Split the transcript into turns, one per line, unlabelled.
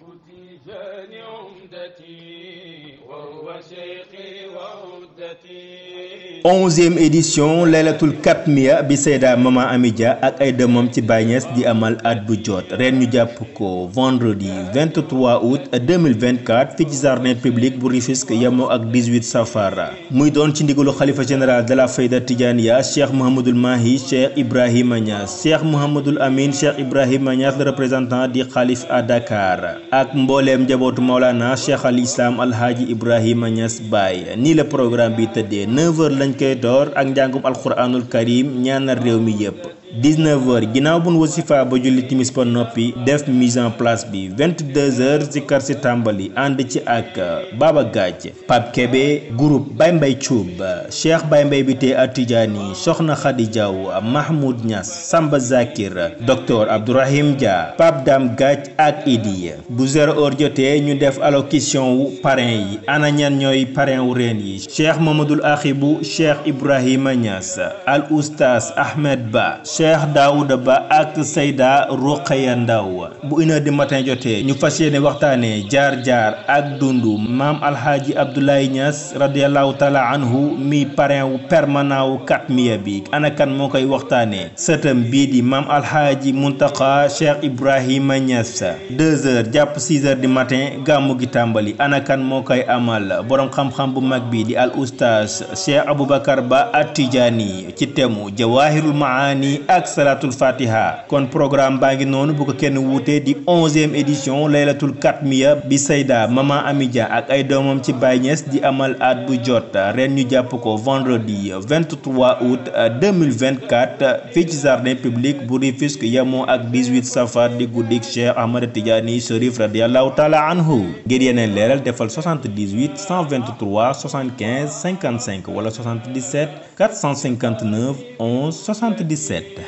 الشرك تيجان عمدتي وهو شيخي وعمدتي 11e édition laylatul katmiya bi Seyda Mama Amidia ak ay demam ci Baye di amal at bu jot ren ñu jàpp ko vendredi 23 août 2024 fii ci jardin public bu Rufisque yemoo ak 18 safara muy doon ci ndigalu xalifa général de la Fayda Tidianiya Cheikh Mouhamadul Mahi Cheikh Ibrahima Niass Cheikh Mouhamadul Amin Cheikh Ibrahima Niass le représentant di xalif à Dakar ak mbooleem njabootu Maolana Cheikh al Islam Alhaji Ibrahima Niass Baye nii la programme bi tëddee 9h lañ koy door ak njàngum alxuraanul karim ñaanal réew mi yëpp. 19 heures ginnaaw bu nu wasifa ba julli timis ba noppi def mise en place bi 22 heures ci kar si tàmbali ànd ci ak euh, Baba Gadj Pape Kébé groupe Baye Mbaye Thioub euh, Cheikh Baye mbay bi tey Atijani Soxna Khady Diaw euh, Mahmoud Niass Samba Zakir docteur Abdourahim Dia Pape Dame Gadj ak Idi bu zéro heure jotee ñu def allocution wu parrain yi ana ñan ñooy parrain wu reen yi Cheikh Mamadou bu Cheikh Ibrahima Niass Al Oustaz Ahmed Ba Cheikh Daouda Ba ak Seyda Roqaya Ndaw bu une heure matin jotee ñu fas yéene waxtaanee jaar-jaar ak dundu maam Alxaaji Abdoulaye Niass radiallahu taala anhu mi parrain wu permanent wu Katmiya bi anakan moo koy waxtaanee sëtam bii di maam Alxaaji Muntaqa Cheikh Ibrahima Niass deux heures jàpp six heures du matin gàmmu gi tàmbali anakan moo koy amal borom xam-xam bu mag bii di al oustaz Cheikh Aboubacar Ba at ci temu Jawaahirul Maani ak salatul fatiha kon programme baa ngi noonu bu ko kenn wuutee di onzième édition laylatul katmiya bi sayda mama amidia ak ay doomam ci Baye di amal at bu jot ren ñu jàpp ko vendredi 23 août 2024 fii ci jardin public bu Rufisque yamoo ak 18 safar di guddik Cheikh Ahmad Tidiane Chérif radiallahu taala anhu ngir yeneen leeral defal 78 123 75 55 wala 77 459 11 77